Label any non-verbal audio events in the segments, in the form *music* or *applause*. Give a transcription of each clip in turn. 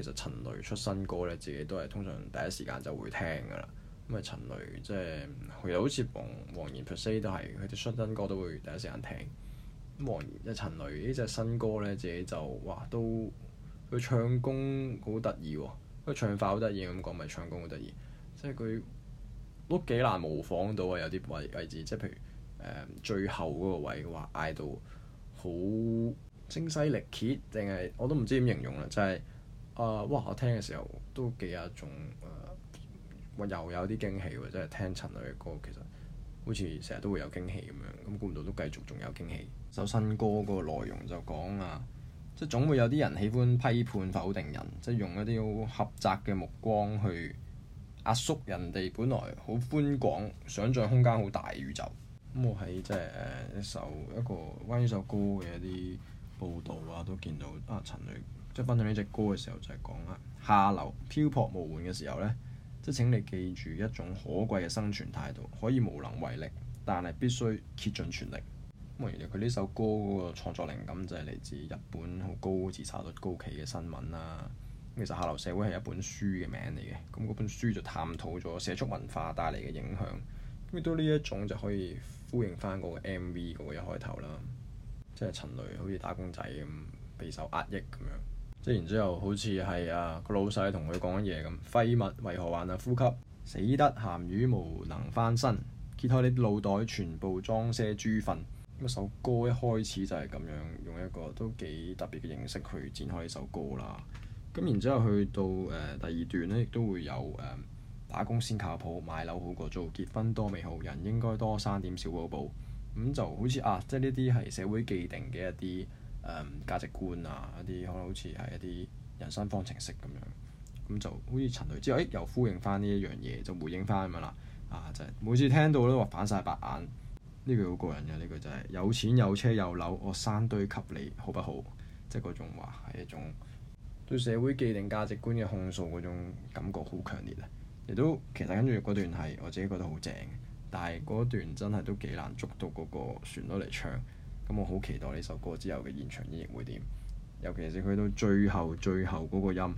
其實陳蕾出新歌咧，自己都係通常第一時間就會聽㗎啦。咁啊，陳蕾即係又好似黃黃妍 per se 都係佢啲新歌都會第一時間聽。咁黃妍、即係陳蕾呢隻新歌咧，自己就哇都佢唱功好得意喎，佢唱法好得意。咁講咪唱功好得意，即係佢都幾難模仿到啊。有啲位位置，即係譬如誒、呃、最後嗰個位，話嗌到好精細力竭，定係我都唔知點形容啦，就係。啊、呃！哇！我聽嘅時候都幾有一種誒，我、呃、又有啲驚喜喎！即係聽陳蕾嘅歌，其實好似成日都會有驚喜咁樣。咁估唔到都繼續仲有驚喜。首新歌個內容就講啊，即係總會有啲人喜歡批判否定人，即係用一啲好狹窄嘅目光去壓縮人哋本來好寬廣、想像空間好大嘅宇宙。咁我喺即係誒、呃、一首一個關於首歌嘅一啲報導啊，都見到啊陳蕾。即分享呢隻歌嘅時，時候，就係講啊下流漂泊無援嘅時候呢。即係請你記住一種可貴嘅生存態度。可以無能為力，但係必須竭盡全力。咁、嗯、啊，原來佢呢首歌嗰個創作靈感就係嚟自日本好高自殺率高企嘅新聞啦。咁其實《下流社會》係一本書嘅名嚟嘅，咁嗰本書就探討咗社畜文化帶嚟嘅影響。咁亦都呢一種就可以呼應翻嗰個 MV 嗰個一開頭啦，即係陳蕾好似打工仔咁，備受壓抑咁樣。即然之後好、啊，好似係啊個老細同佢講嘢咁，廢物為何還能、啊、呼吸？死得鹹魚無能翻身。揭開你腦袋，全部裝些豬糞。首歌一開始就係咁樣，用一個都幾特別嘅形式去展開呢首歌啦。咁然之後去到誒、呃、第二段咧，亦都會有誒、呃、打工先靠譜，買樓好過租，結婚多美好，人應該多生點小寶寶。咁就好似啊，即係呢啲係社會既定嘅一啲。誒、嗯、價值觀啊，一啲可能好似係一啲人生方程式咁樣，咁就好似陳蕾之後，誒、哎、又呼應翻呢一樣嘢，就回應翻咁樣啦。啊，就係、是、每次聽到都話反晒白眼，呢句好個過人嘅呢句就係、是、有錢有車有樓，我生堆給你好不好？即係嗰種話係一種對社會既定價值觀嘅控訴，嗰種感覺好強烈啊！亦都其實跟住嗰段係我自己覺得好正，但係嗰段真係都幾難捉到嗰個旋律嚟唱。咁我好期待呢首歌之後嘅現場演繹會點，尤其是去到最後最後嗰個音，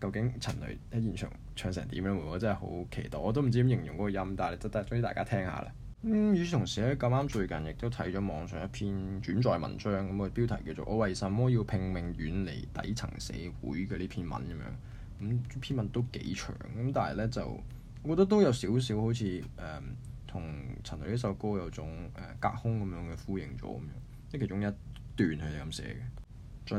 究竟陳蕾喺現場唱成點樣？我真係好期待，我都唔知點形容嗰個音，但係得得俾大家聽下啦。咁、嗯、與此同時咧，咁啱最近亦都睇咗網上一篇轉載文章，咁、那個標題叫做《我為什麼要拼命遠離底層社會》嘅呢篇文咁樣。咁篇文都幾長，咁但係咧就，我覺得都有少少好似誒。嗯同陳蕾呢首歌有種隔空咁樣嘅呼應咗咁樣，即其中一段係咁寫嘅。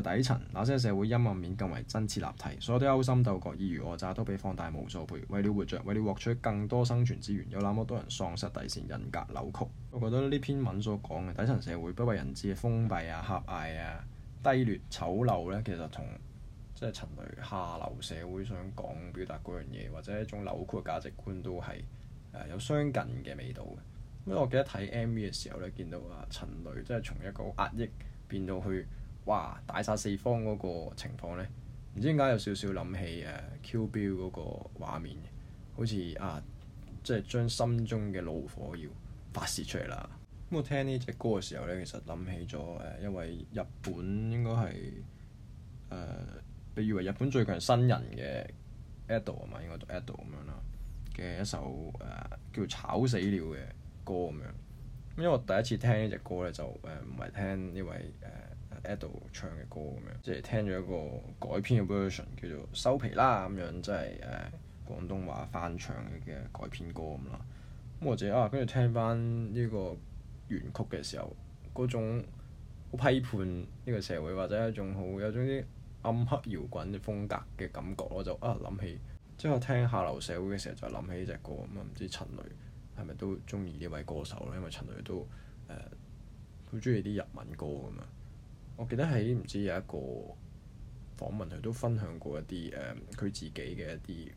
在底層，那些社會陰暗面更為真切立體，所有的勾心鬥角、爾虞我詐都被放大無數倍。為了活着，為了獲取更多生存資源，有那麼多人喪失底線、人格扭曲。我覺得呢篇文所講嘅底層社會不為人知嘅封閉啊、狹隘啊、低劣、醜陋呢，其實同即係陳蕾下流社會想講表達嗰樣嘢，或者一種扭曲嘅價值觀都係。誒、呃、有相近嘅味道嘅，咁我記得睇 MV 嘅時候咧，見到啊陳蕾即係從一個壓抑變到去哇大殺四方個情況咧，唔知點解有少少諗起誒 kill bill 嗰個畫面嘅，好似 *laughs* 啊即係將心中嘅怒火要發泄出嚟啦。咁 *laughs* 我聽呢隻歌嘅時候咧，其實諗起咗誒、呃、因為日本應該係誒被譽為日本最強新人嘅 Ado 啊嘛，應該讀 Ado 咁樣。嘅一首誒叫做吵死了嘅歌咁樣。咁因為我第一次聽呢隻歌咧就，誒唔係聽呢位誒 Ado 唱嘅歌咁樣，即係聽咗一個改編嘅 version 叫做收皮啦咁樣，即係誒廣東話翻唱嘅改編歌咁啦。咁或者啊，跟住聽翻呢個原曲嘅時候，嗰種，好批判呢個社會，或者一種好有種啲暗黑搖滾嘅風格嘅感覺我就啊諗起。即係我聽下流社會嘅時候就，就諗起呢隻歌咁啊！唔知陳蕾係咪都中意呢位歌手咧？因為陳蕾都誒好中意啲日文歌咁啊！我記得喺唔知有一個訪問，佢都分享過一啲誒佢自己嘅一啲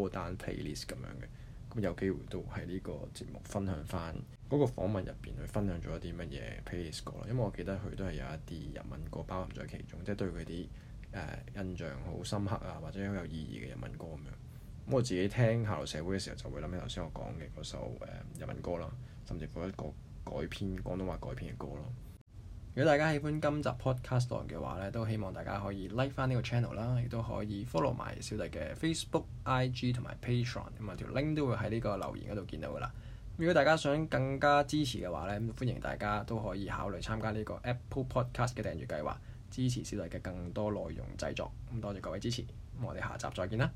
歌單 playlist 咁樣嘅。咁有機會都喺呢個節目分享翻嗰個訪問入邊，佢分享咗一啲乜嘢 playlist 歌啦。因為我記得佢都係有一啲日文歌包含咗其中，即係對佢啲誒印象好深刻啊，或者好有意義嘅日文歌咁樣。咁我自己聽下流社會嘅時候，就會諗起頭先我講嘅嗰首誒日文歌啦，甚至乎一個改編廣東話改編嘅歌咯。如果大家喜歡今集 podcast 嘅話咧，都希望大家可以 like 翻呢個 channel 啦，亦都可以 follow 埋小弟嘅 Facebook、IG 同埋 Patreon，咁啊條 link 都會喺呢個留言嗰度見到噶啦。如果大家想更加支持嘅話咧，咁歡迎大家都可以考慮參加呢個 Apple Podcast 嘅訂閱計劃，支持小弟嘅更多內容製作。咁多謝，謝各位支持，咁我哋下集再見啦！